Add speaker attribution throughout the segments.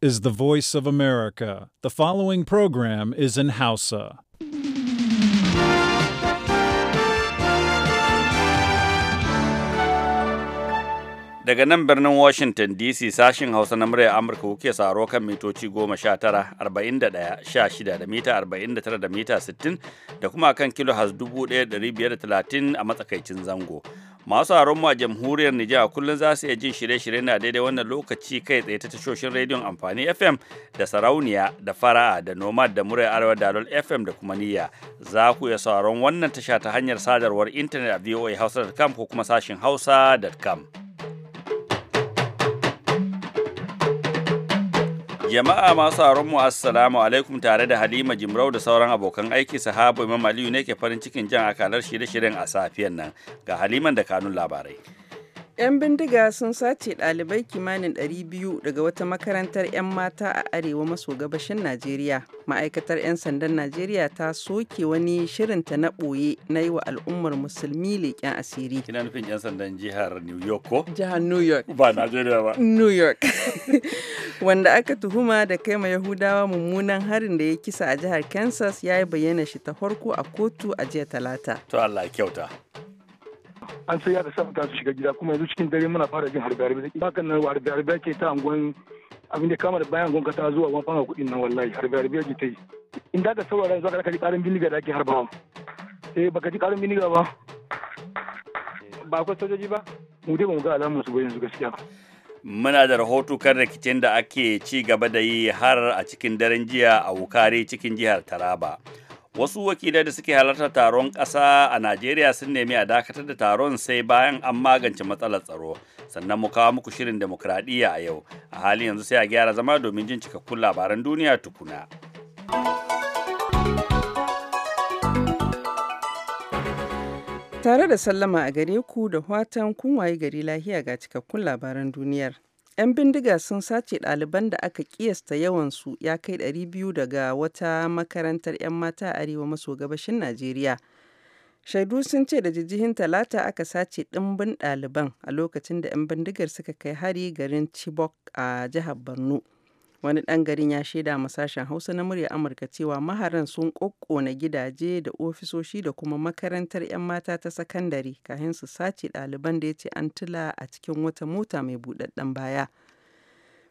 Speaker 1: is the voice of America. The following program is in Hausa.
Speaker 2: Daga nan birnin Washington DC sashin Hausa na murya Amurka kuke saro kan mitoci 19, 41, 16 da mita 49 da mita 60 da kuma kan kilo has 1530 a matsakaicin zango. masu haron a jamhuriyar Nijar kullum za su iya jin shirye-shirye na daidai wannan lokaci kai tsaye ta tashoshin rediyon amfani FM da sarauniya da fara'a da nomad da murai arewa dalol FM da kuma niyya za ku iya sauraron wannan tasha ta hanyar sadarwar intanet a voahausa.com ko kuma sashin hausa.com. Jama'a masu mu assalamu alaikum tare da Halima Jimrau da sauran abokan aiki sahabu Imam Aliyu ne ke farin cikin jan akalar shirye-shiryen a safiyan nan ga Haliman da kanun labarai.
Speaker 3: 'Yan bindiga sun sace ɗalibai kimanin 200 daga wata makarantar 'yan mata a arewa maso gabashin Najeriya. Ma'aikatar 'yan sandan Najeriya ta soke wani shirinta na ɓoye na yi wa al'ummar musulmi leƙen asiri. Kina nufin 'yan sandan
Speaker 2: jihar New York ko? Jihar New York. Ba Najeriya ba.
Speaker 3: New York. Wanda aka tuhuma da kai ma Yahudawa mummunan harin da ya kisa a jihar Kansas ya yi bayyana shi ta farko a kotu a jiya Talata. To Allah kyauta.
Speaker 2: an sai ya da samu
Speaker 4: su shiga gida kuma yanzu cikin dare muna fara jin harbe-harbe bakan nan harbe-harbe ke ta angon abin da kama da bayan gonka ta zuwa wani fanga kudin nan wallahi harbe-harbe ke ta yi in daga ka zaka za ka ji karin bindiga da ake eh, ba eh baka ji karin bindiga ba ba akwai sojoji ba mu dai ba mu ga alamun su ba yanzu gaskiya
Speaker 2: Muna da rahoto kan rikicin da ake ci gaba da yi har a cikin daren jiya a Wukari cikin jihar Taraba. wasu wakilai da suke halartar taron ƙasa a najeriya sun nemi a dakatar da taron sai bayan an magance matsalar tsaro sannan mu kawo muku shirin demokradiyya a yau a halin yanzu sai a gyara zama domin jin cikakkun labaran duniya tukuna
Speaker 3: tare da sallama a gare ku da watan kun waye gari lahiya ga cikakkun labaran duniyar 'Yan bindiga sun sace ɗaliban da aka ƙiyasta yawansu ya kai 200 daga wata makarantar 'yan mata a arewa maso gabashin Najeriya. Shaidu sun ce da jijihin talata aka sace ɗimbin ɗaliban a lokacin da 'yan bindigar suka kai hari garin Chibok a jihar Borno. wani ɗan garin ya shaida ma sashen hausa na murya amurka cewa maharan sun ƙoƙƙona gidaje da ofisoshi da kuma makarantar 'yan mata ta sakandare kafin su sace ɗaliban da ya ce an tula a cikin wata mota mai buɗaɗɗen baya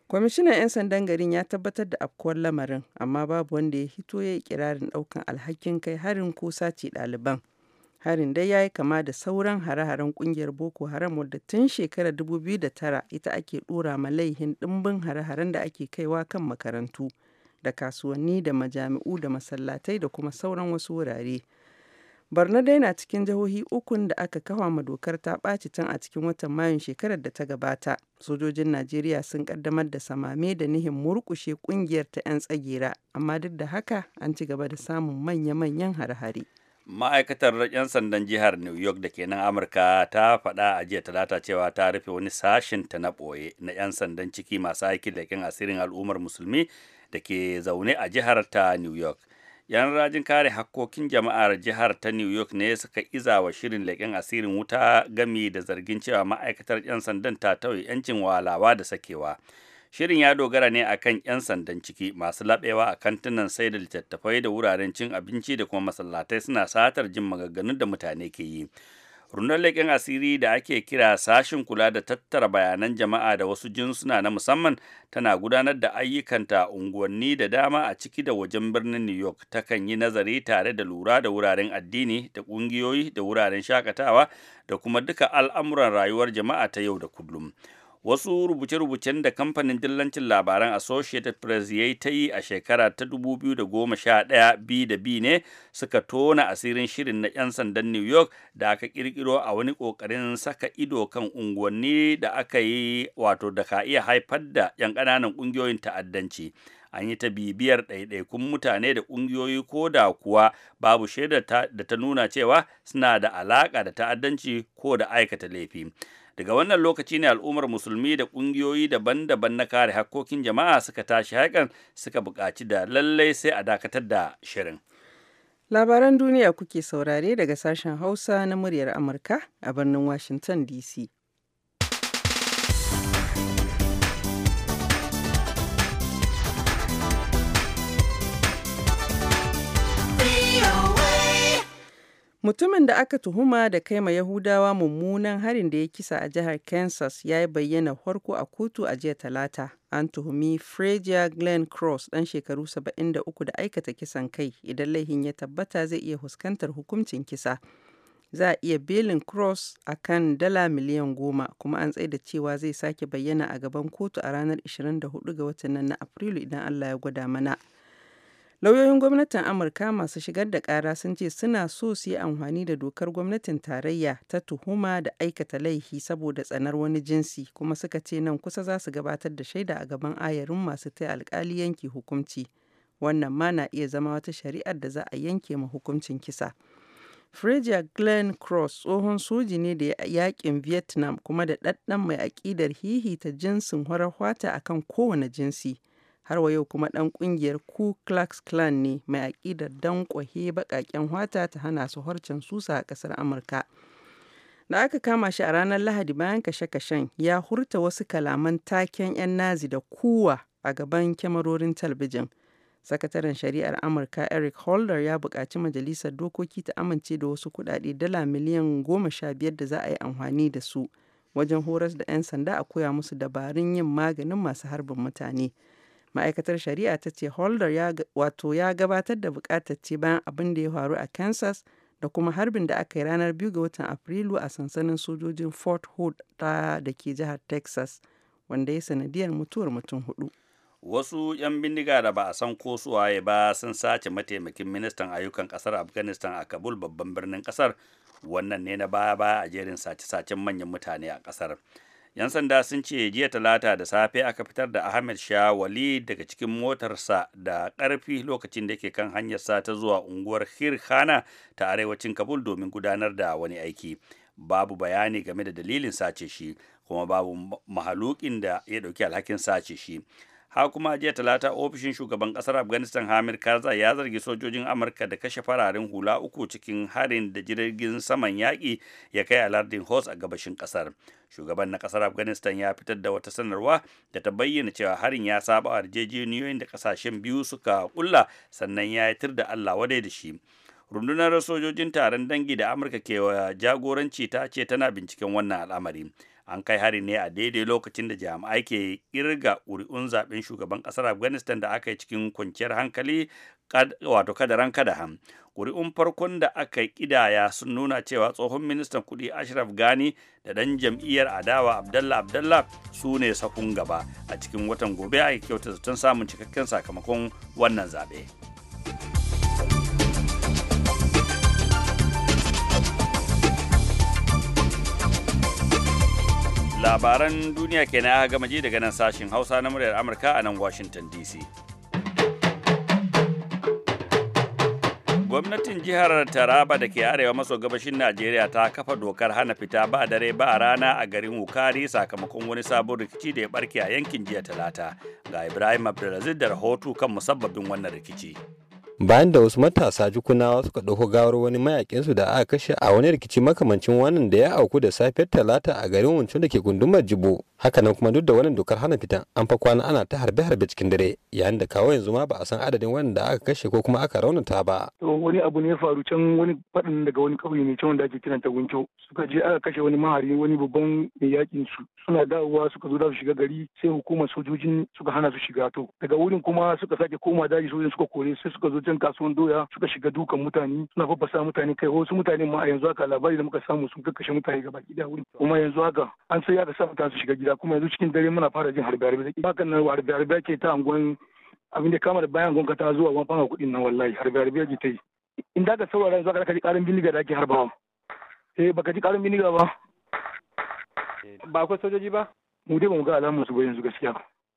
Speaker 3: kwamishinan 'yan sandan garin ya tabbatar da afkuwar lamarin amma babu wanda ya hito ya yi kirarin ɗaukan alhakin kai harin ko sace ɗaliban Harin dai ya yi kama da sauran hare-haren kungiyar Boko Haram wadda tun shekarar 2009 ita ake ɗora ma laihin ɗimbin hare-haren da ake kaiwa kan makarantu da kasuwanni da majami'u da masallatai da kuma sauran wasu wurare. Barna dai na cikin jihohi ukun da aka kawa ma dokar ta ɓaci tun a cikin watan Mayun shekarar da ta gabata. Sojojin Najeriya sun kaddamar da samame da nihin murkushe kungiyar ta 'yan tsagera, amma duk da haka an ci gaba da samun manya-manyan hare-hare.
Speaker 2: ma'aikatar 'yan sandan jihar new york da ke nan amurka ta faɗa a jiya talata cewa ta rufe wani sashen ta na ɓoye na 'yan sandan ciki masu aiki da kin asirin al'ummar musulmi da ke zaune a jihar ta new york yan rajin kare hakkokin jama'ar jihar ta new york ne suka iza wa shirin leƙen asirin wuta gami da zargin cewa ma'aikatar 'yan sandan ta tauye 'yancin walawa da sakewa Shirin ya dogara ne akan 'yan sandan ciki masu labewa a kantinan sai da littattafai da wuraren cin abinci da kuma masallatai suna satar jin maganganun da mutane ke yi. Rundunar leƙen asiri da ake kira sashin kula da tattara bayanan jama'a da wasu jinsuna na musamman tana gudanar da ayyukanta unguwanni da dama a ciki da wajen birnin New York takan yi nazari tare da lura da wuraren addini da ƙungiyoyi da wuraren shakatawa da kuma duka al'amuran rayuwar jama'a ta yau da kullum. wasu rubuce-rubucen da kamfanin dillancin labaran associated press ya ta yi a shekara ta 2011 b da b ne suka tona asirin shirin na 'yan sandan new york da aka kirkiro a wani kokarin saka ido kan unguwanni da aka yi wato da ka iya haifar da 'yan ƙananan ƙungiyoyin ta'addanci an yi ta bibiyar ɗaiɗaikun mutane da ƙungiyoyi ko da kuwa babu shaidar da ta nuna cewa suna da alaƙa da ta'addanci ko da aikata laifi daga wannan lokaci ne al'ummar musulmi da ƙungiyoyi daban-daban na kare hakkokin jama'a suka tashi haƙan suka buƙaci da lallai sai a dakatar da shirin
Speaker 3: labaran duniya kuke saurare daga sashen hausa na muryar amurka a birnin washington dc Mutumin da aka tuhuma da kai ma Yahudawa mummunan harin da ya kisa a jihar Kansas ya yi bayyana farko a kotu a jiya Talata. An tuhumi Fredia Glenn Cross ɗan shekaru 73 da aikata kisan kai idan laihin ya tabbata zai iya fuskantar hukuncin kisa. Za a iya belin Cross a kan dala miliyan goma kuma an da cewa zai sake bayyana a gaban kotu a ranar 24 ga watan nan na Afrilu idan Allah ya gwada mana. Lauyoyin gwamnatin Amurka masu shigar da ƙara sun ce suna so su yi amfani da dokar gwamnatin tarayya ta tuhuma da aikata laifi saboda tsanar wani jinsi kuma suka ce nan kusa za su gabatar da shaida a gaban ayarin masu ta alkali yanki hukunci. Wannan ma na iya zama wata shari'ar da za a yanke ma hukuncin kisa. Frazier Glenn Cross tsohon soji ne da yakin Vietnam kuma da ɗaɗɗan mai aƙidar hihita jinsin farar a akan kowane jinsi. har wa yau kuma ɗan ƙungiyar Ku Klux Klan ne mai aƙidar dan dankwahe baƙaƙen hwata ta hana su harcen susa a ƙasar Amurka. Da aka kama shi a ranar Lahadi bayan kashe-kashen ya hurta wasu kalaman taken 'yan Nazi da kuwa a gaban kyamarorin talbijin. Sakataren Shari'ar Amurka Eric Holder ya buƙaci Majalisar Dokoki ta amince da wasu kuɗaɗe dala miliyan goma sha biyar da za a yi amfani da su wajen horas da 'yan sanda a koya musu dabarun yin maganin masu harbin mutane. Ma'aikatar Shari'a ta ce Holder ya, wato ya gabatar da bukatar ce bayan abin da ya faru a Kansas da kuma harbin da aka yi ranar biyu ga watan Afrilu a sansanin sojojin Fort Hood ta da ke jihar Texas wanda ya sanadiyar mutuwar mutum hudu.
Speaker 2: Wasu 'yan bindiga da ba a san ko suwaye ba sun sace mataimakin ministan ayyukan kasar Afghanistan a Kabul babban birnin kasar wannan ne na baya-baya a jerin sace-sacen manyan mutane a kasar. 'yan sanda sun ce jiya talata da safe aka fitar da ahmed shah wali daga cikin motarsa da ƙarfi lokacin da ke kan hanyarsa ta zuwa unguwar hirkhana ta arewacin kabul domin gudanar da wani aiki babu bayani game da dalilin sace shi kuma babu mahalukin da ya ɗauki alhakin sace shi ha kuma jiya talata ofishin shugaban kasar afghanistan Hamir karzai ya zargi sojojin amurka da kashe fararen hula uku cikin harin da jirgin saman yaƙi ya kai a lardin hos a gabashin kasar shugaban na kasar afghanistan ya fitar da wata sanarwa da ta bayyana cewa harin ya saba yarjejeniyoyin da kasashen biyu suka kulla sannan ya yi da allah wadai da shi rundunar sojojin taron dangi da amurka ke jagoranci ta ce tana binciken wannan al'amari an kai hari ne a daidai lokacin da jami'ai ke kirga ƙuri'un zaben shugaban ƙasar afghanistan da aka yi cikin kwanciyar hankali wato kadaran kadahan ƙuri'un farkon da aka ƙidaya sun nuna cewa tsohon ministan kuɗi ashraf gani da ɗan jam'iyyar adawa abdallah abdallah su ne sakun gaba a cikin watan gobe ake kyauta zaton samun cikakken sakamakon wannan zaɓe. labaran duniya ke na gama ji daga nan sashin hausa na muryar amurka a nan washington dc gwamnatin jihar taraba da ke arewa maso gabashin najeriya ta kafa dokar hana fita ba dare ba rana a garin wukari sakamakon wani sabon rikici da ya barke a yankin jiya talata ga ibrahim abdulaziz da rahoto kan musabbabin wannan rikici
Speaker 5: bayan da wasu matasa jukunawa suka ɗauko gawar wani mayakinsu da aka kashe a wani rikici makamancin wannan da ya auku da safiyar talata a garin wancan da ke gundumar jibo hakanan kuma duk da wannan dokar hana fitan an fa kwana ana ta harbe harbe cikin dare yayin da kawo yanzu ma ba a san adadin wanda aka kashe ko kuma aka raunata ba
Speaker 4: wani abu ne ya faru can wani faɗin daga wani kauye ne can wanda ake kiran ta gunco suka je aka kashe wani mahari wani babban mai yakin su suna dawowa suka zo da su shiga gari sai hukumar sojojin suka hana su shiga to daga wurin kuma suka sake koma daji sojojin suka kore sai suka zo can kasuwan doya suka shiga dukan mutane suna fafasa mutane kai wasu mutane ma a yanzu haka labari da muka samu sun kakkashe mutane gaba ɗaya wurin kuma yanzu haka an sai aka sa mutane su shiga gida gida kuma yanzu cikin dare muna fara jin harbe harbe kan nan harbe harbe ke ta angon abin da kama da bayan gonka ta zuwa wani fanga kuɗin nan wallahi harbe harbe ji ta yi in da ka saurara yanzu ka ji karin biniga da ake harbawa eh baka ji karin biniga ba ba akwai sojoji ba mu dai ba mu ga alamun su ba yanzu gaskiya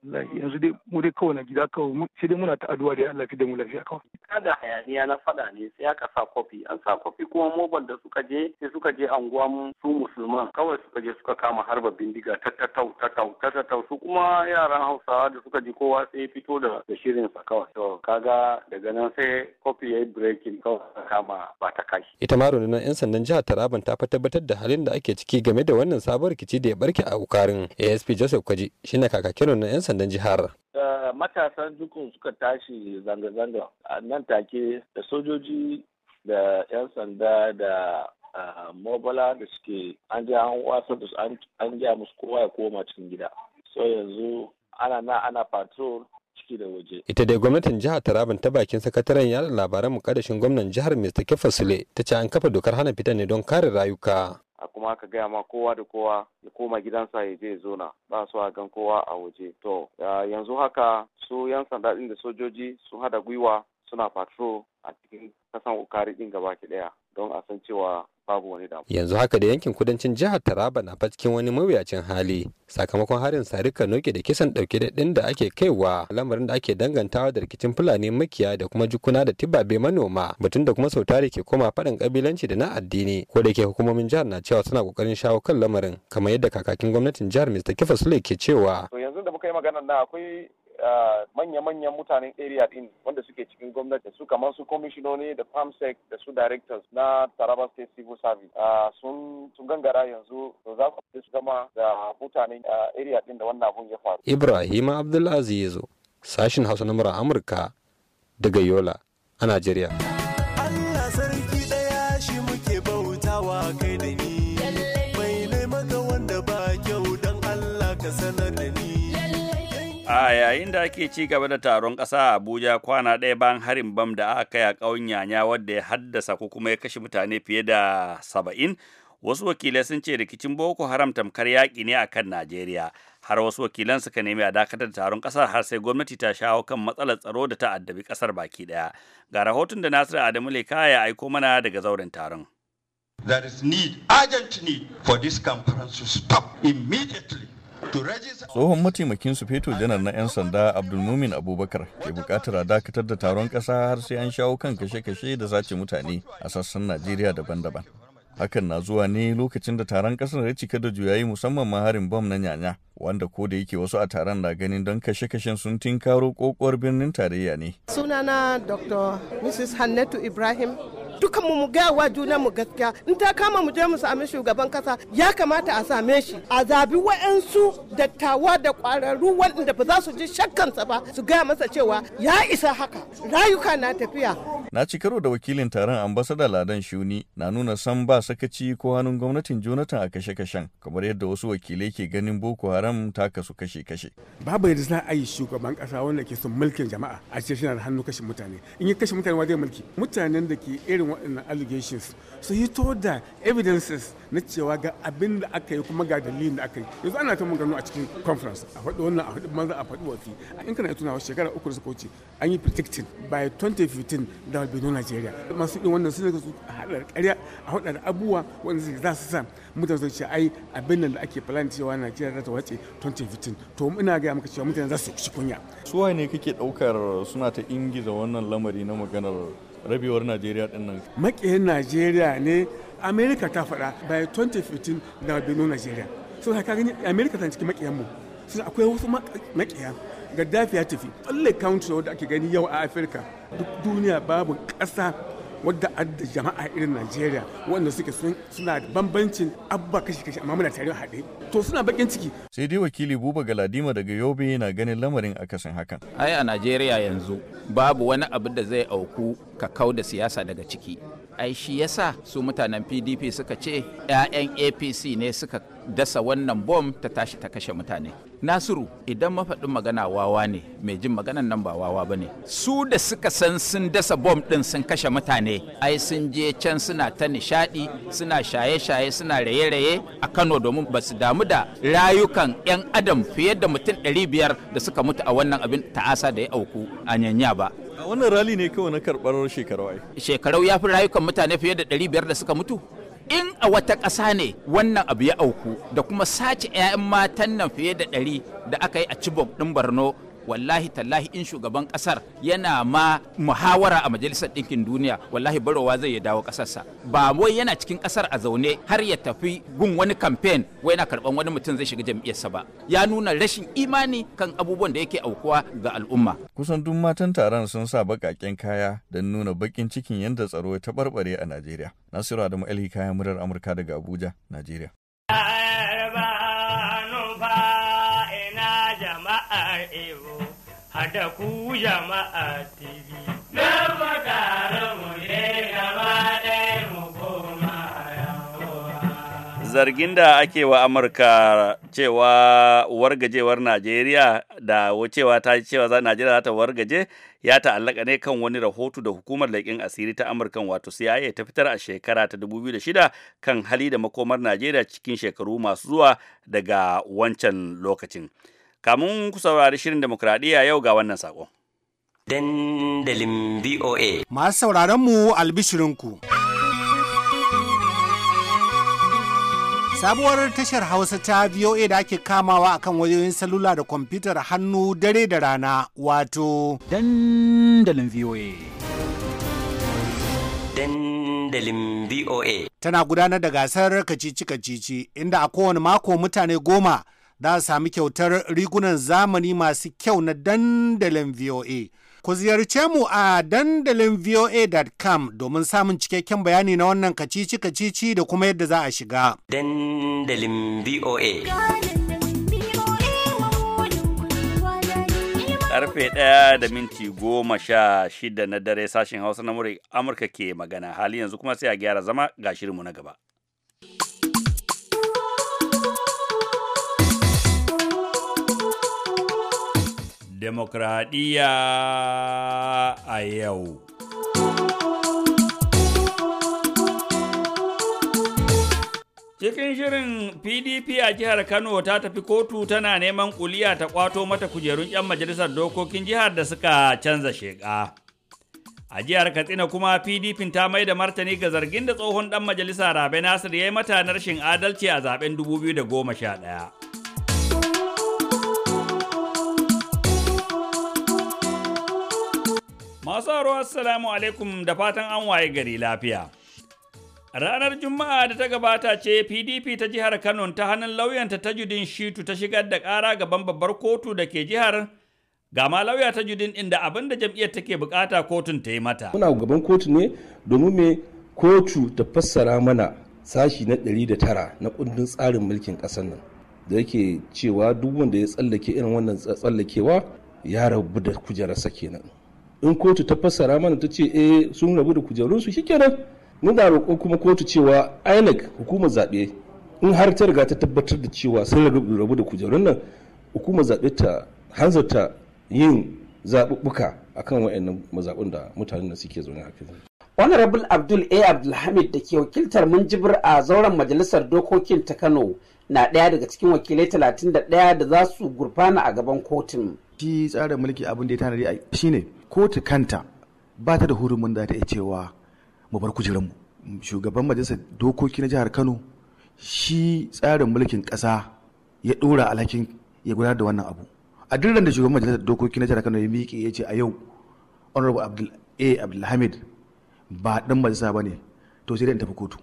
Speaker 4: wallahi yanzu dai mu dai kawai na gida kawai sai dai muna ta addu'a da Allah da mu lafiya kawai kada hayaniya na fada ne sai aka sa kofi an sa kofi kuma mobile da suka je sai suka je mu su musulman kawai suka je suka kama harba bindiga ta ta tau ta tau ta ta tau su kuma yaran Hausawa da suka ji kowa sai fito da da shirin sa kawai to kaga daga nan sai kofi yayi breaking kawai kama
Speaker 5: ba ta kashi ita ma rundunar yan sandan jihar Taraban ta tabbatar da halin da ake ciki game da wannan sabon rikici da ya barke a ukarin ASP Joseph Kwaji shine kakakin na yan sandan jihar.
Speaker 4: matasan dukun suka tashi zanga-zanga nan take da sojoji da 'yan sanda da mobala da suke an ji an wasa da an ji musu kowa ya koma cikin gida. So yanzu ana na ana patrol ciki da waje.
Speaker 5: Ita dai gwamnatin jihar Taraban ta bakin sakataren yada labaran mukaddashin gwamnan jihar Mr. Kefasule ta ce an kafa dokar hana fita ne don kare rayuka.
Speaker 4: kuma ka gaya ma kowa da kowa ya koma gidansa ya je ya zona ba su a gan kowa a waje to yanzu haka su yan sanda da sojoji su hada gwiwa suna patrol a cikin kasan ukari din gaba ki daya don a san cewa babu wani damu.
Speaker 5: Yanzu haka da yankin kudancin jihar Taraba na cikin wani mawuyacin hali sakamakon harin sarika noke da kisan dauke da din da ake kaiwa lamarin da ake dangantawa da rikicin Fulani makiya da kuma jukuna da tibabe manoma batun da kuma sautari ke koma faɗin kabilanci da na addini ko da ke hukumomin jihar na cewa suna kokarin shawo kan lamarin kamar yadda kakakin gwamnatin jihar Mr. Kifa Sule ke cewa.
Speaker 4: To yanzu da muka yi maganar na akwai Uh, manya-manyan mutanen area din wanda suke cikin gwamnati su kamar su kwamishinoni da farmsec da su directors na taraba state civil service uh, sun gangara yanzu to za su zama da mutanen uh, area din da wannan abun ya faru ibrahim
Speaker 5: abdulaziz sashin hausa na amurka daga yola a najeriya
Speaker 2: yayin da ake ci gaba da taron ƙasa a Abuja kwana ɗaya bayan harin bam da aka kai a ƙauyen Yanya wadda ya haddasa ko kuma ya kashe mutane fiye da saba'in, wasu wakilai sun ce rikicin Boko Haram tamkar yaƙi ne akan Najeriya. Har wasu wakilan suka nemi a dakatar da taron ƙasar har sai gwamnati ta shawo kan matsalar tsaro da ta addabi ƙasar baki ɗaya. Ga rahoton da nasir Adamu Leka ya aiko mana daga zauren taron. There is need, urgent need for this conference to stop immediately
Speaker 6: Tsohon mataimakin su feto janar na 'yan sanda Abdulmumin Abubakar ke bukatar a dakatar da taron ƙasa har sai an shawo kan kashe-kashe da zace mutane a sassan Najeriya daban-daban. Hakan na zuwa ne lokacin da taron ƙasar ya cika da juyayi musamman maharin bom na nyanya, wanda ko da yake wasu a taron na ganin don kashe-kashen sun tinkaro kokowar birnin tarayya ne.
Speaker 3: Sunana Dr. Mrs. Hannatu Ibrahim dukan mu gaya wa juna mu gaskiya in ta kama mu je mu sami shugaban kasa ya kamata a same shi
Speaker 7: a zabi wa'ansu dattawa da kwararru waɗanda ba za su ji shakkansa ba su gaya masa cewa ya isa haka rayuka na tafiya
Speaker 6: Na ci karo da wakilin taron ambasada Ladan Shuni na nuna san ba sakaci ko hannun gwamnatin Jonathan a kashe-kashen kamar yadda wasu wakilai ke ganin Boko Haram ta kasu kashe-kashe.
Speaker 7: Babu yadda za a shugaban kasa wanda ke son mulkin jama'a a ce shi da hannu kashe mutane. In yi kashe mutane wajen mulki. Mutanen da ke irin waɗannan allegations su hito da evidences na cewa ga abin da aka yi kuma ga dalilin da aka yi. Yanzu ana ta maganganu a cikin conference a faɗi wannan a faɗi manzan a faɗi wafi. In kana tunawa shekara uku da suka wuce an yi predicting by 2015 da da albino Najeriya masu irin wannan su su haɗa ƙarya a haɗa da abubuwa wanda za su sa mutane su ce ai abin nan da ake plan cewa Najeriya za ta wace 2015 to ina ga maka cewa mutane za su ci kunya
Speaker 6: su waye ne kake ɗaukar suna ta ingiza wannan lamari na maganar rabewar Najeriya din nan
Speaker 7: makiyin Najeriya ne Amerika ta faɗa by 2015 da albino Najeriya so ka gani Amerika ta cikin maƙiyanmu mu sun akwai wasu makiyan gaddafi ya tafi tsalle country wadda ake gani yau a afirka duk duniya babu kasa wadda adda jama'a irin najeriya wanda suke suna da bambancin abba kashi kashi amma muna tare haɗe
Speaker 6: to suna bakin ciki sai dai wakili buba galadima daga yobe na ganin lamarin akasin hakan
Speaker 7: ai
Speaker 1: a najeriya yanzu babu wani abu da zai auku ka kau da siyasa daga ciki ai shi yasa su mutanen pdp suka ce 'ya'yan apc ne suka dasa wannan bom ta tashi ta kashe mutane nasiru idan mafaɗin magana wawa ne mai jin maganan nan ba wawa ba ne su da suka san sun dasa bom ɗin sun kashe mutane ai sun je can suna ta nishaɗi suna shaye-shaye suna raye-raye a kano domin ba su damu da rayukan 'yan adam fiye da mutum 500 da suka mutu a wannan abin ta'asa da ya auku a nyanya ba
Speaker 6: wannan rali ne kawai na
Speaker 1: karɓar shekarau ai shekarau ya fi rayukan mutane fiye da 500 da suka mutu in a wata ƙasa ne wannan abu ya auku da kuma sace 'ya'yan matan nan fiye da ɗari da aka yi a cibok ɗin borno wallahi tallahi in shugaban kasar yana ma muhawara a majalisar ɗinkin duniya wallahi barowa zai ya dawo kasarsa ba wai yana cikin kasar a zaune har ya tafi gun wani kamfen wai yana karban wani mutum zai shiga jam'iyyarsa ba ya nuna rashin imani kan abubuwan da yake aukuwa ga al'umma
Speaker 6: kusan duk matan taron sun sa baƙaƙen kaya don nuna baƙin cikin yadda tsaro ya taɓarɓare a Najeriya Nasiru Adamu alhi kayan murar Amurka daga Abuja Najeriya
Speaker 2: hada ku jama'a TV. Zargin da ake wa Amurka cewa wargajewar Najeriya da cewa ta cewa za Najeriya za ta wargaje ya ta'allaka ne kan wani rahoto da hukumar leƙin asiri ta Amurkan wato CIA ta fitar a shekara ta 2006 kan hali da makomar Najeriya cikin shekaru masu zuwa daga wancan lokacin. Kamun ku saurari shirin demokradiyya yau ga wannan sako. Dandalin VOA.
Speaker 5: Masu sauraron mu albishirinku. Sabuwar tashar Hausa ta VOA da ake kamawa akan wayoyin salula da kwamfutar hannu dare da rana wato. Dandalin VOA. dandalin
Speaker 1: VOA.
Speaker 5: Tana gudanar da gasar kacici-kacici inda a kowane mako mutane goma za a sami kyautar rigunan zamani masu kyau na dandalin VOA. Ku ziyarce mu a dandalin voa.com domin samun cikakken bayani na wannan kacici-kacici da kuma yadda za a shiga.
Speaker 2: Dandalin VOA. karfe ɗaya da minti goma sha shida na dare sashen hausa na amurka ke magana hali yanzu kuma sai a gyara zama ga shirinmu na gaba demokradiyya a yau. Cikin shirin PDP a jihar Kano ta tafi kotu tana neman kuliya ta kwato mata kujerun 'yan majalisar dokokin jihar da suka canza sheƙa. A jihar Katsina kuma PDP ta mai da martani ga zargin da tsohon ɗan majalisa Rabe Nasir ya yi mata rashin adalci a zaben 2011. Masu haro assalamu alaikum da fatan an waye gari lafiya. Ranar Juma'a da ta gabata ce PDP ta jihar Kano ta hannun lauyanta ta judin shitu ta shigar da ƙara gaban babbar kotu da ke jihar ga ma lauya ta judin inda abin da jam'iyyar take bukata kotun ta yi mata. Muna
Speaker 8: gaban kotu ne domin me kotu ta fassara mana sashi na ɗari da tara na kundin tsarin mulkin ƙasar nan da yake cewa duk wanda ya tsallake irin wannan tsallakewa ya rabu da kujerarsa kenan. in kotu ta fassara mana ta ce eh sun rabu da kujerunsu shikenan da roƙo kuma kotu cewa INEC hukumar zaɓe in har ta riga ta tabbatar da cewa sun rabu da kujerun nan hukumar zaɓe ta hanzarta yin zaɓuɓɓuka a kan wa'annan mazaɓun da mutanen da suke zaune a filin. honorable abdul a
Speaker 1: abdulhamid da ke wakiltar munjibir a zauren majalisar dokokin ta kano na ɗaya daga cikin wakilai talatin da da ɗaya za su gurfana a gaban kotun. shi tsarin mulki abin da ya tanadi
Speaker 7: shine kotu kanta ba ta da hurumin da ta iya cewa mu bar mu shugaban majalisar dokoki na jihar kano shi tsarin mulkin kasa ya dora alhakin ya gudanar da wannan abu a duk da shugaban majalisar dokoki na jihar kano ya miƙe ya ce a yau honorable abdul a abdulhamid ba dan majalisa ba ne to sai dai tafi kotu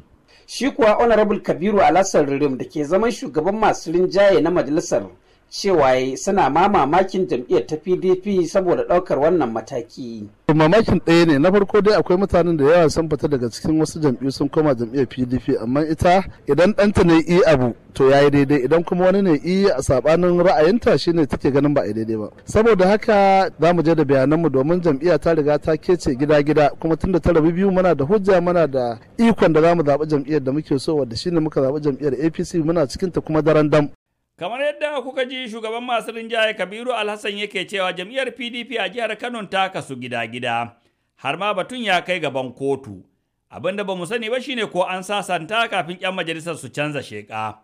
Speaker 1: shi kuwa honorable kabiru alhassan ririm da ke zaman shugaban masu rinjaye na majalisar cewa suna ma mamakin jam'iyyar ta pdp saboda ɗaukar wannan mataki
Speaker 8: mamakin ɗaya ne na farko dai akwai mutanen da yawa sun fita daga cikin wasu jam'iyyu sun koma jam'iyyar pdp amma ita idan ɗanta ne yi abu to ya yi daidai idan kuma wani ne i a sabanin ra'ayinta shine take ganin ba a daidai ba saboda haka za mu je da bayananmu domin jam'iyya ta riga ta kece gida gida kuma tunda ta rabu biyu muna da hujja muna da ikon da za mu zaɓi jam'iyyar da muke so wadda shine muka zaɓi jam'iyyar apc muna cikin ta kuma daren dam
Speaker 2: Kamar yadda kuka ji shugaban masu rinjaye Kabiru Alhassan yake cewa jam'iyyar PDP a jihar Kano ta kasu gida-gida, har ma batun ya kai gaban kotu. Abin da ba mu sani ba shine ko an sasanta kafin 'yan majalisar su canza sheƙa.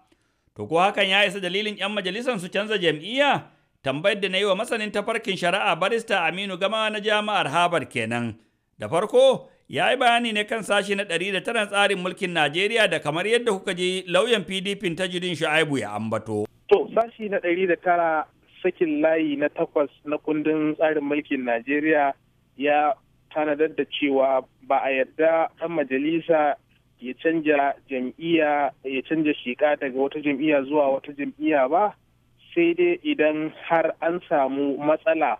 Speaker 2: To ko hakan ya isa dalilin 'yan majalisar su canza jam'iyya? Tambayar da na yi wa masanin tafarkin shari'a barista Aminu Gama na jami'ar Harvard kenan. Da farko, ya yi bayani ne kan sashi na ɗari da tsarin mulkin Najeriya da kamar yadda kuka ji lauyan PDP ta jirin Shu'aibu ya ambato.
Speaker 9: To, sashi na ɗari da tara sakin layi na takwas na kundin tsarin mulkin Najeriya ya tanadar da cewa ba a yarda ɗan majalisa ya canja jam'iyya ya canja shiƙa daga wata jam'iya zuwa wata jam'iya ba sai dai idan har an samu matsala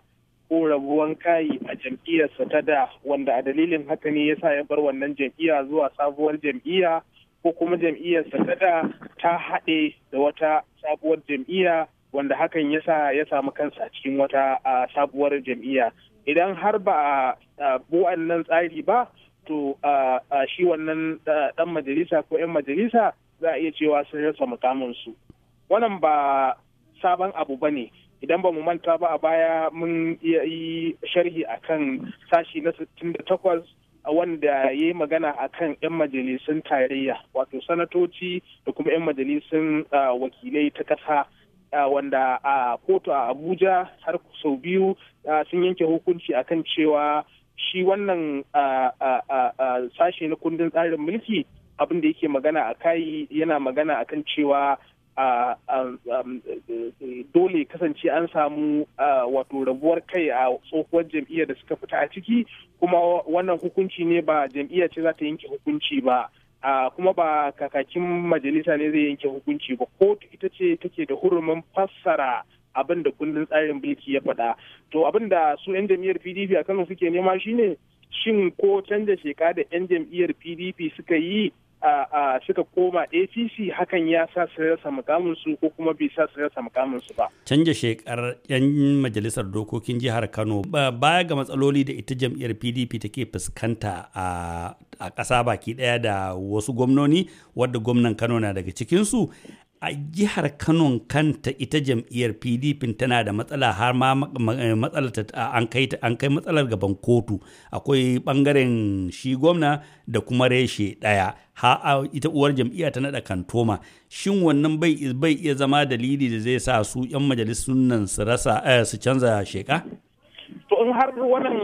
Speaker 9: ko rabuwan kayi a jam'iyarsa ta da wanda a dalilin haka ne ya sa ya bar wannan jam'iya zuwa sabuwar jam'iyya ko kuma jam'iyyar sadada ta haɗe da wata sabuwar jam'iyya wanda hakan ya sa ya samu kansa cikin wata sabuwar jam'iyya idan har ba a wa'annan tsari ba to shi wannan ɗan majalisa ko 'yan majalisa za a iya cewa sun rasa su wannan ba sabon abu ba ne idan ba mu manta ba a baya mun iya yi sharhi akan sashi na 68 wanda ya yi magana a kan 'yan majalisun tarayya wato sanatoci da kuma 'yan majalisun wakilai ta ƙasa wanda a kotu a abuja har sau biyu sun yanke hukunci akan cewa shi wannan sashe na kundin tsarin mulki abinda da yake magana a kai yana magana akan cewa Um, dole kasance an samu wato rabuwar kai a tsohuwar jam'iyyar da suka fita a ciki kuma wannan hukunci ne ba jam'iyyar ce za ta yanke hukunci ba kuma ba kakakin majalisa ne zai yanke hukunci ba kotu ita ce take da hurumin fassara abin da kundin tsarin bilki ya faɗa to abin da su 'yan jam'iyyar pdp a kano suke nema shine shin ko canja sheka da 'yan jam'iyyar pdp suka yi a suka koma APC hakan ya sa su rasa mukaminsu ko kuma bai sa su rasa mukaminsu ba.
Speaker 2: Canja shekar 'yan majalisar dokokin jihar Kano baya ga matsaloli da ita jam'iyyar PDP take fuskanta a ƙasa baki ɗaya da wasu gwamnoni wadda gwamnan Kano na daga cikinsu a jihar Kano kanta ita jam'iyyar PDP tana da matsala har ma eh, an kai an kai matsalar gaban kotu akwai bangaren shi gwamna da kuma reshe daya ha ita uwar jam'iyya ta nada kantoma shin wannan bai bai iya zama dalili da zai sa su yan majalisun nan su rasa eh, su canza sheka
Speaker 9: to in har wannan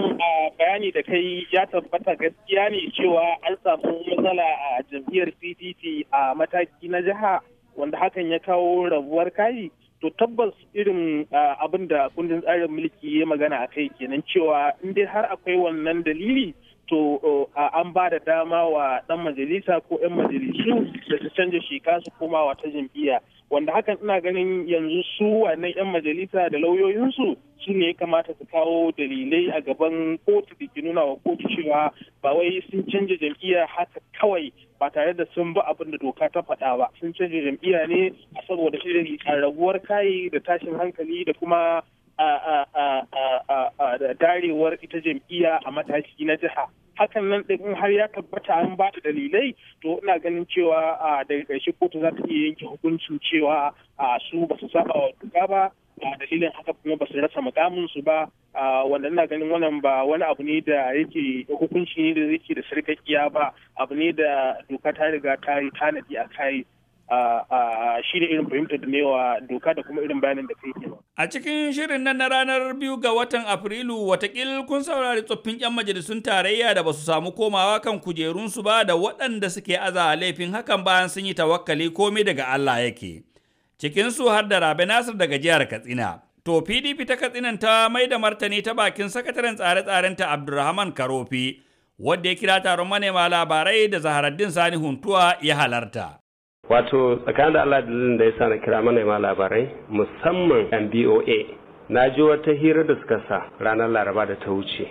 Speaker 9: bayani da kai ya tabbata gaskiya ne cewa an samu matsala a jam'iyyar PDP a mataki na jiha wanda hakan ya kawo rabuwar kayi to tabbas irin abin da kundin tsarin mulki ya magana a kai kenan cewa in dai har akwai wannan dalili to an ba da dama wa dan majalisa ko 'yan majalisu da su canja shi su koma wata jam'iyya wanda hakan ina ganin yanzu su wane 'yan majalisa da lauyoyinsu su ne ya kamata su kawo dalilai a gaban kotu da ke nuna wa kotu cewa ba wai sun canja jam'iyya haka kawai ba tare da sun bi abin da doka ta faɗa ba sun canja jam'iyya ne saboda a raguwar kayi da tashin hankali da kuma darewar ita jam'iyya a mataki na jiha hakan nan in har ya tabbata an ba da dalilai to ina ganin cewa daga ƙarshe kotu za ta iya yanke hukuncin cewa su ba su saba wa doka ba a dalilin haka kuma ba su rasa mukamin su ba wanda ina ganin wannan ba wani abu ne da yake hukunci ne da yake da sarkakiya ba abu ne da doka ta riga ta yi tanadi a kai shi ne irin fahimta da newa doka da kuma irin bayanin da kai
Speaker 2: A cikin shirin nan na ranar biyu ga watan Afrilu watakil kun saurari tsoffin 'yan majalisun tarayya da ba su samu komawa kan kujerunsu ba da waɗanda suke aza laifin hakan bayan sun yi tawakkali komai daga Allah yake. Cikinsu har da Rabe Nasir daga jihar Katsina. To PDP ta Katsinan ta mai da martani ta bakin sakataren tsare-tsarenta Abdulrahman Karofi. Wadda ya kira taron manema labarai da Zaharaddin Sani Huntuwa ya halarta.
Speaker 8: wato tsakanin da Allah dalilin da ya sa na kira mana manema labarai musamman yan BOA na ji wata hira da suka sa ranar laraba da ta wuce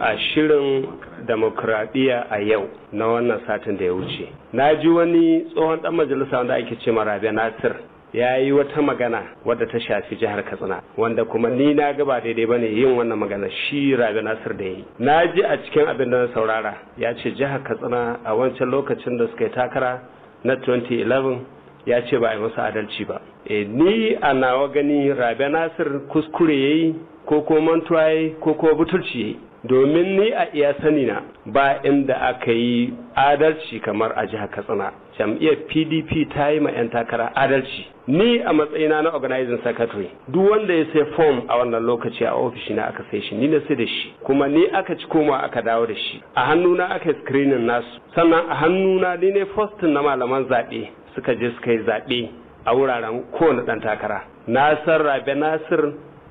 Speaker 8: a shirin demokradiyya a yau na wannan satin da ya wuce na ji wani tsohon ɗan majalisa wanda ake ce marabe nasir ya yi wata magana wadda ta shafi jihar katsina wanda kuma ni na ga ba daidai bane yin wannan magana shi rabi nasir da yi na ji a cikin abin da na saurara ya ce jihar katsina a wancan lokacin da suka yi takara na 2011 ya ce ba a yi masa adalci ba e, ni a nawa gani rabe nasir kuskure ya yi ko ko mantuwa ya yi ko ko butulci ya yi domin ni a iya sanina ba inda aka yi adalci kamar a jihar katsina jam'iyyar pdp ta yi ma 'yan takara adalci ni a matsayina na organizing secretary duk wanda ya sai form a wannan lokaci a ofishi na aka sai shi ni na sai da shi kuma ni aka ci koma aka dawo da shi a hannuna aka screening nasu sannan a hannuna ni ne fostin na malaman zaɓe suka je suka yi zaɓe a wuraren kowane ɗan takara nasir rabe nasir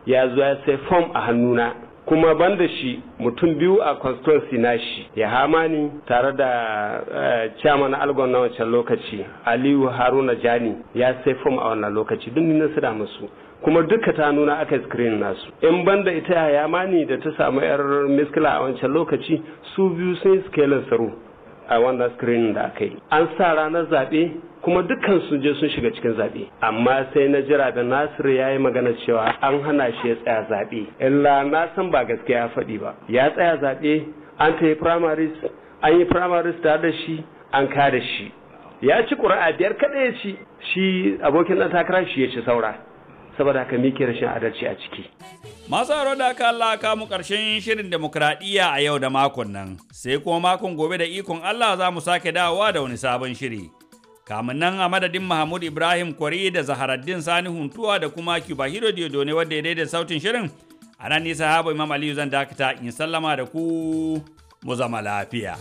Speaker 8: ya zo ya sai form a hannuna kuma banda shi mutum biyu a constituency na shi ya hamani tare da uh, chairman algon na wancan lokaci aliyu haruna jani ya sai fom a wannan lokaci duk na sira musu kuma duka ta nuna aka screen nasu in banda ita ya mani da ta samu yar miskila a wancan lokaci su biyu sun yi scaling saru a wannan screening da aka yi an sa ranar zaɓe kuma dukkan sun je sun shiga cikin zaɓe amma sai na jira da nasiru ya yi magana cewa an hana shi ya tsaya zaɓe illa na san ba gaskiya ya faɗi ba ya tsaya zaɓe an ta yi primaries an yi primaries tare da shi an kada shi ya ci ƙuri'a biyar kaɗai ya ci shi abokin ɗan takara shi ya ci saura saboda haka muke rashin adalci a ciki
Speaker 2: masu haro da aka Allah ka mu ƙarshen shirin demokuraɗiyya a yau da makon nan sai kuma makon gobe da ikon Allah za mu sake dawowa da wani sabon shiri kamun nan a madadin Mahmud Ibrahim Kwari da Zaharaddin Sani Huntuwa da kuma Cuba Hiro ne wanda ya daidai sautin shirin a nan nisa habu Imam Aliyu zan dakata in sallama da ku mu zama lafiya.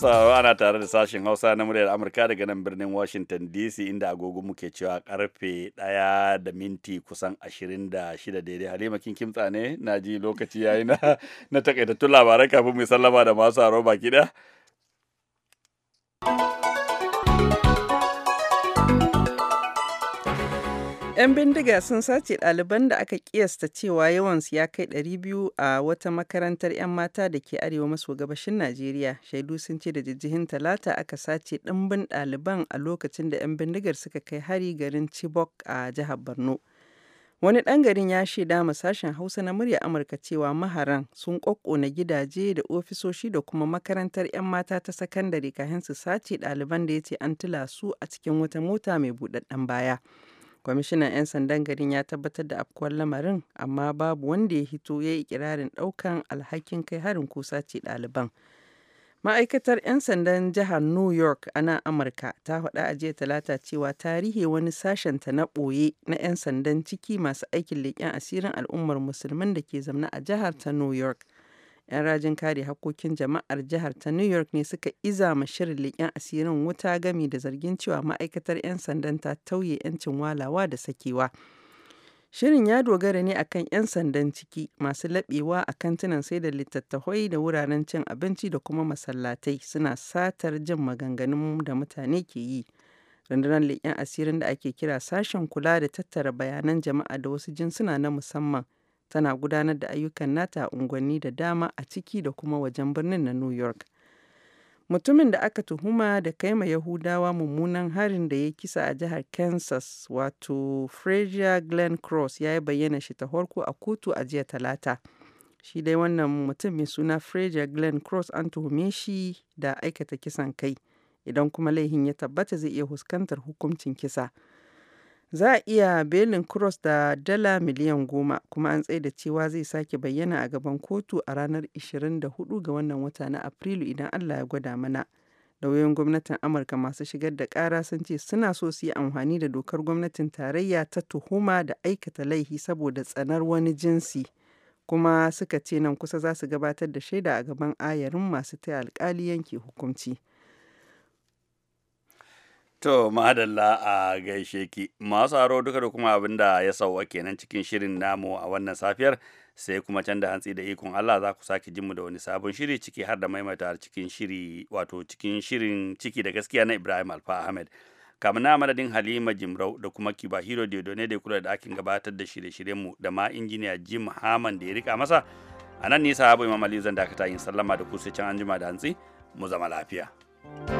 Speaker 2: sauraro ana tare da sashen Hausa na muryar Amurka daga nan birnin Washington DC inda agogo muke cewa karfe ɗaya da minti kusan ashirin da shida daidai. Halima kin kimtsa ne na ji lokaci yayi na na takaitattun labarai kafin mu sallama da masu haro baki ɗaya.
Speaker 3: 'Yan bindiga sun sace ɗaliban da aka kiyasta cewa yawansu ya kai 200 a wata makarantar 'yan mata da ke arewa maso gabashin Najeriya. Shaidu sun ce da jijjihin talata aka sace ɗimbin ɗaliban a lokacin da 'yan bindigar suka kai hari garin Chibok a jihar Borno. Wani ɗan garin ya shaida ma sashen Hausa na murya Amurka cewa maharan sun ƙoƙƙona gidaje da ofisoshi da kuma makarantar 'yan mata ta sakandare kafin su sace ɗaliban da ya ce an tila su a cikin wata mota mai buɗaɗɗen baya. Kwamishinan 'yan sandan garin ya tabbatar da afkuwar lamarin, amma babu wanda ya hito ya yi ikirarin daukan alhakin kai harin kusa ce ɗaliban. Ma'aikatar 'yan sandan jihar New York a nan Amurka ta faɗa a jiya talata cewa tarihi wani sashen ta na ɓoye na 'yan sandan ciki masu aikin leƙen asirin al'ummar musulman da ke zaune a jihar ta New York. 'Yan rajin kare hakkokin jama'ar jihar ta New York ne suka izama shirin leƙen asirin wuta gami da zargin cewa ma'aikatar 'yan sandan ta tauye 'yancin walawa da sakewa. Shirin ya dogara ne akan 'yan sandan ciki masu laɓewa a kantinan sai da littattafai da wuraren cin abinci da kuma masallatai suna satar jin maganganun da mutane ke yi. Rundunar leƙen asirin da ake kira sashen kula da tattara bayanan jama'a da wasu jinsuna na musamman tana gudanar da ayyukan nata a unguwanni da dama a ciki da kuma wajen birnin na New York. Mutumin da aka tuhuma da kai ma Yahudawa mummunan harin da ya kisa a jihar Kansas, wato Frazier glen Cross ya yi bayyana shi ta horko a kotu a jiya talata. Shi dai wannan mutum mai suna Frazier glen Cross an tuhume shi da aikata kisan kai, idan kuma laihin ya tabbata zai iya huskantar hukuncin kisa. Za a iya belin Cross da dala miliyan goma, kuma an da cewa zai sake bayyana a gaban kotu a ranar 24 ga wannan wata na Afrilu idan Allah ya gwada mana. Lauyoyin gwamnatin Amurka masu shigar da ƙara sun ce suna so su yi amfani da dokar gwamnatin tarayya ta tuhuma da aikata laihi saboda tsanar wani jinsi. Kuma suka ce nan kusa za su gabatar da shaida a gaban ayarin masu ta alkali yanke hukunci.
Speaker 5: To
Speaker 2: madalla a gaishe ki masu haro duka da kuma abin da ya sauwa kenan cikin shirin namu a wannan safiyar sai kuma canza da hantsi da ikon Allah za ku sake jinmu da wani sabon shiri ciki har da maimaita cikin shiri wato cikin shirin ciki da gaskiya na Ibrahim Alfa Ahmed. kamar na madadin Halima Jimrau da kuma Kiba Hiro Diodone da kula da akin gabatar da shirye mu da ma injiniya Jim Haman da ya rika masa a nan nisa abu Imam Ali zan dakata yin sallama da ku can anjima da hantsi mu zama lafiya. thank you